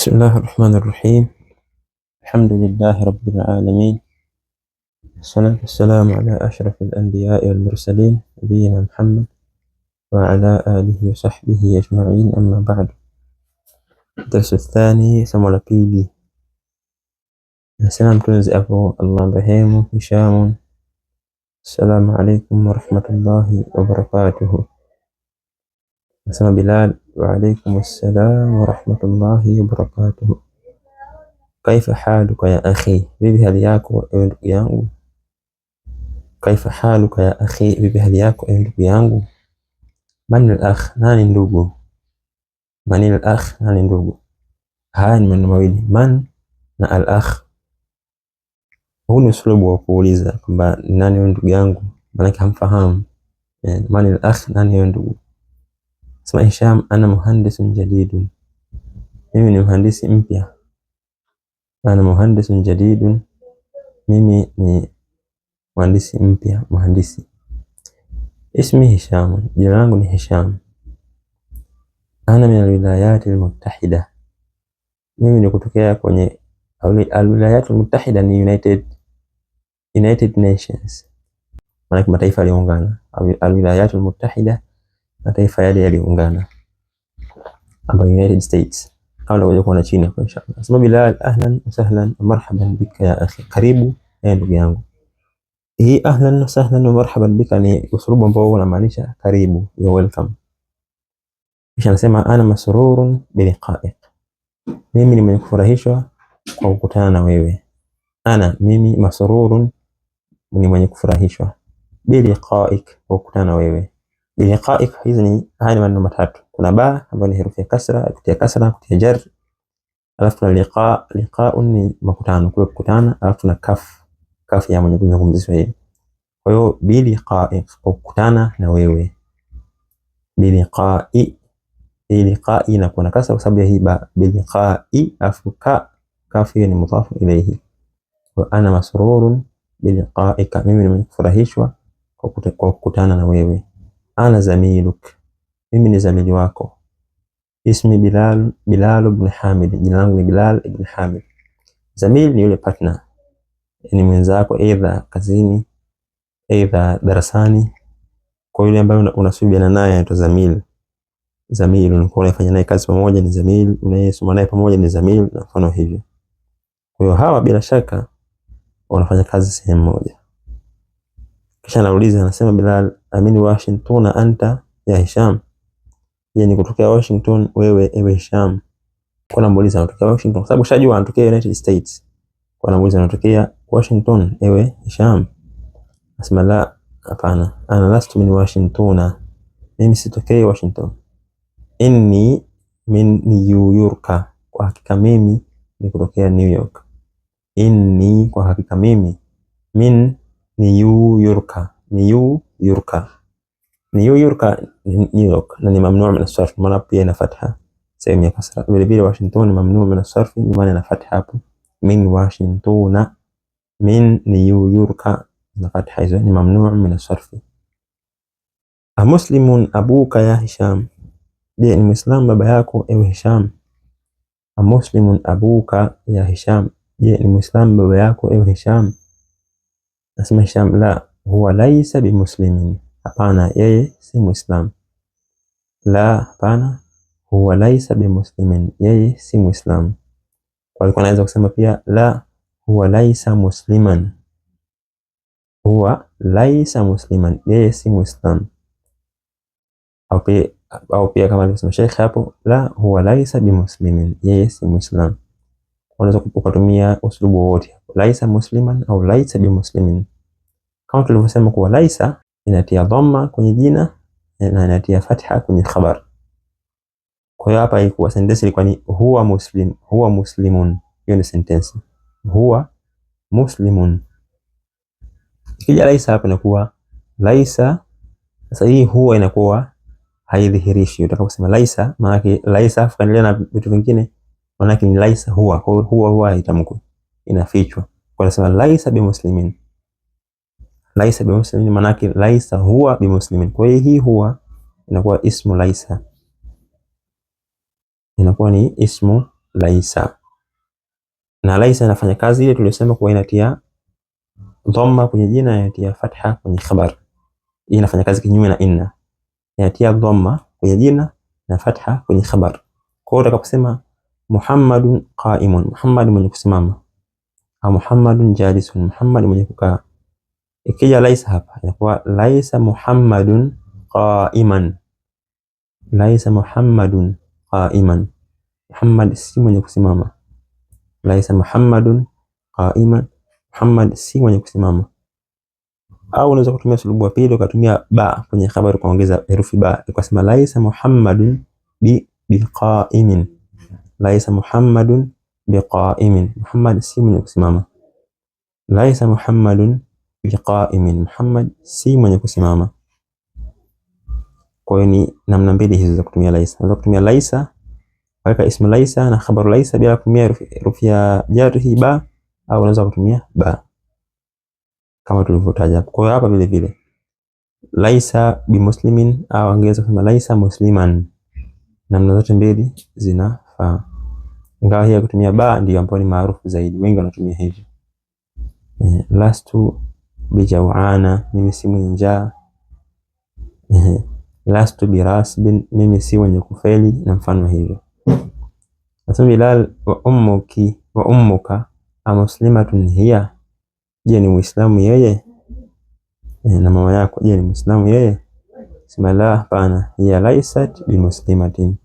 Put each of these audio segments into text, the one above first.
بسم الله الرحمن الرحيم الحمد لله رب العالمين والصلاة والسلام على أشرف الأنبياء والمرسلين نبينا محمد وعلى آله وصحبه أجمعين أما بعد الدرس الثاني سمو لبيبي السلام كنز أبو الله بهيم هشام السلام عليكم ورحمة الله وبركاته Nasema Bilal, wa alaikum salam wa rahmatullahi wa barakatuh. Kaifa haluka ya akhi, vipi hali yako ewe ndugu yangu? Kaifa haluka ya akhi, vipi hali yako ewe ndugu yangu? Mani al-akh, nani ndugu? Mani al-akh, nani ndugu? Haya ni maneno mawili, man na al-akh. Huu ni usulubu wa kuuliza kwamba nani wewe ndugu yangu, maanake hamfahamu. Eh, Mani al-akh, nani wewe ndugu Sema Hisham, ana muhandisun jadidun, mimi ni mhandisi mpya. Ana muhandisun jadidun, mimi ni mhandisi mpya, mhandisi. Ismi Hisham, jina langu ni Hisham. Ana min alwilayati almuttahida, mimi ni kutokea kwenye alwilayati almuttahida, ni United, United Nations, maana mataifa yaliungana. Alwilayati almuttahida mataifa yale yaliungana ambayo United States au ndio kuja kuona China kwa inshallah. Nasema Bilal, ahlan wa sahlan wa marhaban bika ya akhi, karibu eh ndugu yangu. Hii ahlan wa sahlan wa marhaban bika ni usulubu ambao unamaanisha karibu, you welcome. Kisha anasema ana masrurun biliqa'ik, mimi ni mwenye kufurahishwa kwa kukutana na wewe. Ana mimi, masururun, ni mwenye kufurahishwa, biliqa'ik, kwa kukutana na wewe Liqaik, hizi ni haya ni maneno matatu. Kuna ba ambayo ni herufi ya kasra, kutia kasra, kutia jar. Alafu kuna liqa, liqaun ni makutano, kwa kukutana. Alafu tuna kaf, kaf ya mwenye kuzungumzishwa hivi. Kwa hiyo bi liqaik, kwa kukutana na wewe. Bi liqai, bi liqai na kuna kasra kwa sababu ya hii ba. Bi liqai, alafu ka, kaf ni mudhafu ilayhi. Wa ana masrurun bi liqaika, mimi nimefurahishwa kwa kukutana na wewe ana zamiluk, mimi ni zamili wako. Ismi Bilal, Bilal ibn Hamid, jina langu ni Bilal ibn Hamid. Zamil ni yule partner, ni mwenzako aidha kazini, aidha darasani. Kwa yule ambaye unasubiana naye anaitwa zamil. Zamil unakuwa unafanya naye kazi pamoja ni zamil, unayesoma naye pamoja ni zamil na mfano hivyo. Kwa hiyo hawa bila shaka wanafanya kazi sehemu moja. Kisha anauliza anasema, Bilal amini Washington na anta ya Hisham, ni kutokea Washington wewe ewe Hisham. Kwa namuuliza anatokea Washington, sababu shajua anatokea United States. Kwa namuuliza anatokea Washington ewe Hisham, anasema la, hapana, ana last min Washington, mimi sitokei Washington, inni min New York, kwa hakika mimi ni kutokea New York, inni kwa hakika mimi min ni yu yurka ni yu yurka ni yu yurka New York na ni mamnuu min asarf, maana pia ina fatha sehemu ya kasra. Vile vile Washington ni mamnuu min asarf, ni maana ina fatha Min Washingtona, min ni yu yurka na fatha hizo, ni mamnuu min asarf. Amuslimun abuka ya Hisham, je ni Muislamu baba yako ewe Hisham? Amuslimun abuka ya Hisham, ni Muislamu baba yako ewe Hisham? Nasema Hisham, la huwa laisa bimuslimin, hapana yeye si Muislam. La, hapana, huwa laisa bimuslimin, yeye si Muislam. Kwa hiyo anaweza kusema pia la huwa laisa musliman, huwa laisa musliman, yeye si Muislam. Au pia kama alivyosema Sheikh hapo, la huwa laisa bimuslimin, yeye si Muislam unaweza kutumia uslubu wowote laisa musliman au laisa bi muslimin. Kama tulivyosema kuwa laisa inatia dhamma kwenye jina eh, na inatia fatha kwenye khabar. Kwa hiyo hapa ilikuwa sentence ilikuwa ni huwa muslim, huwa muslimun. Hiyo ni sentence huwa muslimun. Kija laisa hapa inakuwa laisa. Sasa hii huwa inakuwa haidhihirishi, utakaposema laisa maana yake laisa afu kaendelea na vitu vingine Maanake ni laisa huwa, huwa huwa haitamkwi, inafichwa. Kwa sababu laisa bi muslimin, laisa bi muslimin, maana yake laisa huwa bi muslimin. Kwa hiyo hii huwa inakuwa ismu laisa, inakuwa ni ismu laisa, na laisa inafanya kazi ile tuliyosema kuwa inatia dhamma kwenye jina, inatia fatha kwenye khabar. Hii inafanya kazi kinyume na inna, inatia dhamma kwenye jina na fatha kwenye khabar. Kwa hiyo utakaposema Muhammadun qaimun, Muhammad mwenye kusimama, au Muhammadun jalisun, Muhammad mwenye kukaa. Ikija laisa hapa inakuwa laisa Muhammadun qaiman, laisa Muhammadun qaiman. Muhammad si mwenye kusimama, laisa Muhammadun qaiman, Muhammad si mwenye kusimama. Au unaweza kutumia sulubu ya pili ukatumia ba kwenye khabari, kuongeza herufi ba, ukasema laisa Muhammadun bi biqaimin laisa muhammadun biqaimin, Muhammad si mwenye kusimama. Laisa muhammadun biqaimin, Muhammad si mwenye kusimama. Kwa hiyo ni namna mbili hizo za kutumia laisa. Unaweza kutumia laisa weka ismu laisa na khabaru laisa bila kutumia herufi ya jarhi ba, au unaweza kutumia ba kama tulivyotaja. Kwa hiyo hapa vile vile laisa bimuslimin, au angeweza kusema laisa musliman. Namna zote mbili zinafaa ingawa hii ya kutumia ba ndio ambayo ni maarufu zaidi, wengi wanatumia hivyo. Eh, lastu bijauana, mimi si mwenye njaa. Eh, lastu birasbin, mimi si mwenye kufeli na mfano hivyo. Sasa Bilal, wa ummuki wa ummuka amuslimatun hiya, je ni muislamu yeye? Eh, na mama yako je ni muislamu yeye? Sema la, hapana. Hiya laisat bimuslimatin,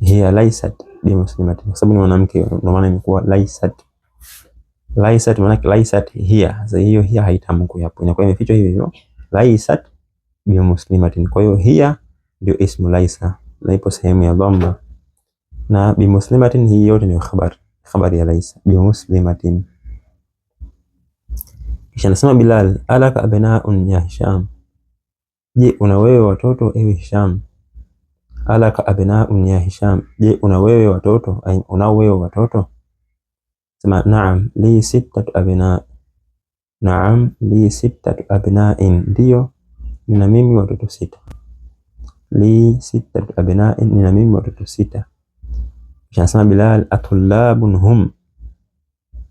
hiya laisat kwa sababu ni mwanamke, ndio maana imekuwa laisat. Laisat maana yake laisat hia. Sasa hiyo hia haitamkwi hapo, inakuwa imefichwa hivyo hivyo, laisat bi muslimatin. Kwa hiyo hia ndio ismu laisa na ipo sehemu ya dhamma, na bi muslimatin hii yote ni khabari, khabari ya laisa bi muslimatin. Kisha anasema Bilal, alaka abnaun ya Hisham, je una wewe watoto ewe Hisham alaka abnaun ya Hisham, je una wewe watoto? Una wewe watoto? Sema naam li sittatu abna, naam li sittatu abnain, ndio nina mimi watoto sita. Li sittatu abnain, nina mimi watoto sita. Kisha sema Bilal, atullabun hum,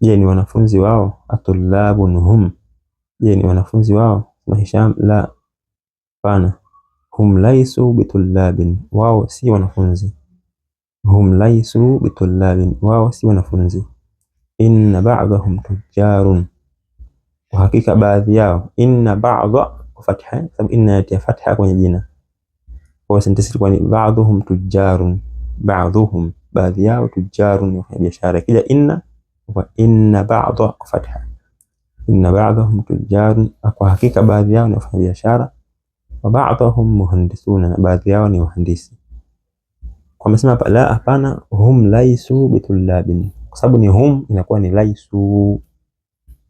je ni wanafunzi wao? Atullabun hum, je ni wanafunzi wao? Sema Hisham, la, pana hum laisu bitullabin, wao si wanafunzi. Hum laisu bitullabin, wao si wanafunzi. Inna ba'dahum tujjarun, kwa hakika baadhi yao. Inna ba'dha kwa fatha, sababu inna yatia fatha kwenye jina, kwa sentensi kwa ni ba'dhum tujjarun, ba'dhum baadhi yao, tujjarun wafanya biashara. Kija inna kwa inna ba'dha kwa fatha, inna ba'dahum tujjarun, kwa hakika baadhi yao ni wafanya biashara wa ba'dhum muhandisuna, na baadhi yao ni wahandisi. Amesema la, hapana, hum laisu bitulabin, kwa sababu ni hum inakuwa ni laisu.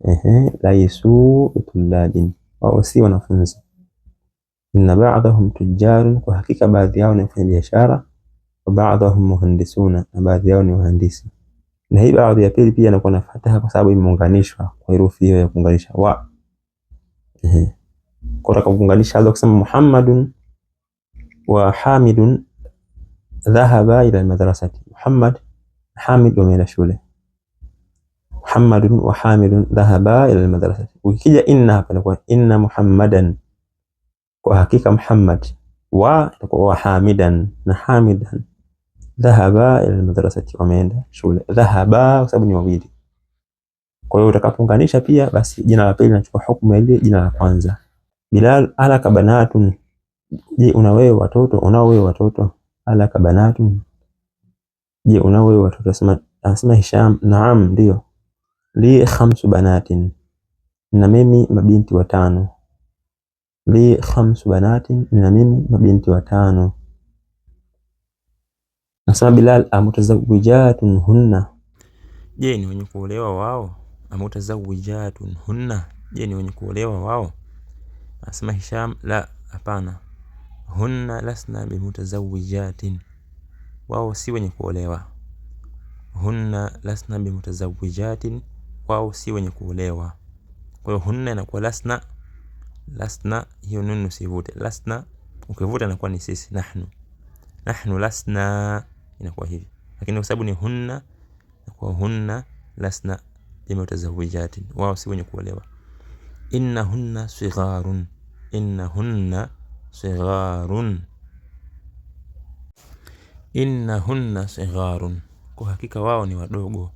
Ehe, laisu bitulabin, wao si wanafunzi. Inna ba'dhum tujarun, kwa hakika baadhi yao ni wafanya biashara. Wa ba'dhum muhandisuna, na baadhi yao ni wahandisi. Na hii baadhi ya pili pia inakuwa na fataha kwa sababu imeunganishwa kwa herufi hiyo ya kuunganisha wa Kutaka kuunganisha hadha kusema Muhammadun wa Hamidun dhahaba ila madrasati. Muhammad Hamid wameenda shule. Muhammadun wa Hamidun dhahaba ila madrasati. Ukija inna hapa inakuwa inna Muhammadan, kwa hakika Muhammad, wa itakuwa wa Hamidan na Hamidan dhahaba ila almadrasati, wameenda shule. Dhahaba kwa sababu ni wawili. Kwa hiyo utakapounganisha pia, basi jina la pili linachukua hukumu ya ile jina la kwanza. Bilal alaka banatun, je una wewe watoto? Unao wewe watoto? Alaka banatun, je unao wewe watoto? Anasema Hisham, naam, ndio. Li khamsu banatin, na mimi mabinti watano. Li khamsu banatin, na mimi mabinti watano. Anasema Bilal, amutazawijatun hunna, je ni wenye kuolewa wao? Amutazawijatun hunna, je ni wenye kuolewa wao? Anasema Hisham, la hapana, hunna lasna bimutazawijatin, wao si wenye kuolewa. Hunna lasna bimutazawijatin, wao si wenye kuolewa. Kwa hiyo hunna inakuwa lasna, lasna hiyo nunu usivute, lasna ukivuta inakuwa ni sisi, nahnu nahnu lasna, inakuwa hivi. Lakini kwa sababu ni hunna, kwa hunna lasna bimutazawijatin, wao si wenye kuolewa innahunna sigharun, innahunna sigharun, innahunna sigharun, kwa hakika wao ni wadogo.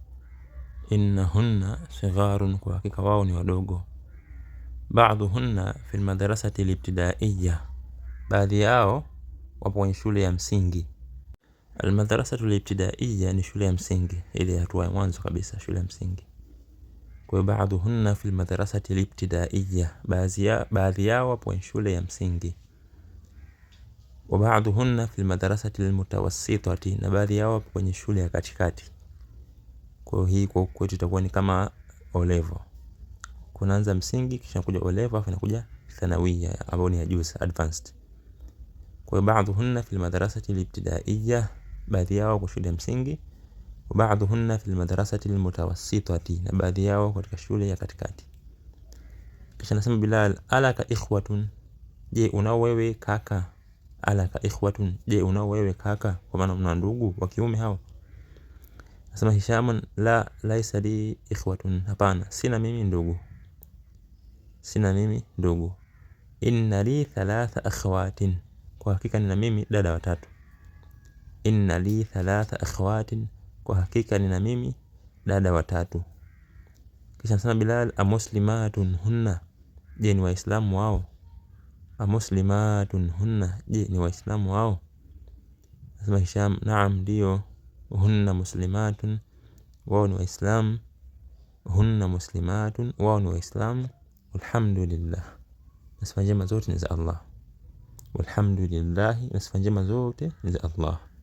Innahunna sigharun, kwa hakika wao ni wadogo. Baadhuhunna fi lmadrasati libtidaiya, baadhi yao wapo kwenye shule ya msingi. Almadrasatu libtidaiya ni shule ya msingi, ile hatua ya mwanzo kabisa, shule ya msingi. Kwa hiyo baadhuhunna fil madrasati libtidaiya, baadhi yao wapo shule ya msingi. Wa baadhuhunna fil madrasati lmutawassitati, na baadhi yao wapo kwenye shule ya katikati. Kwa hiyo hii kwa kwetu itakuwa ni kama olevo, Kunaanza msingi kisha kuja olevo, level afu inakuja thanawia ambayo ni ya juu advanced. Kwa hiyo baadhuhunna fil madrasati libtidaiya, baadhi yao wapo shule ya msingi wabaadhuhunna fi lmadrasati lmutawassitati, na baadhi yao katika shule ya katikati. Kisha anasema Bilal, alaka ikhwatun, je unao wewe kaka? Alaka ikhwatun, je unao wewe kaka? Kwa maana mna ndugu wa kiume hao. Anasema Hishamun, la laisa li ikhwatun, hapana sina mimi ndugu, sina mimi ndugu. Inna li thalatha akhwatin, kwa hakika nina mimi dada watatu. Inna li thalatha akhwatin kwa hakika nina mimi dada watatu. Kisha sana Bilal amuslimatun hunna. Je, ni waislamu wao? Amuslimatun hunna. Je, ni waislamu wao? Nasema Hisham naam ndio hunna muslimatun wao ni waislamu. Hunna muslimatun wao ni waislamu. Alhamdulillah. Na sifa njema zote ni za Allah. Walhamdulillah na sifa njema zote ni za Allah.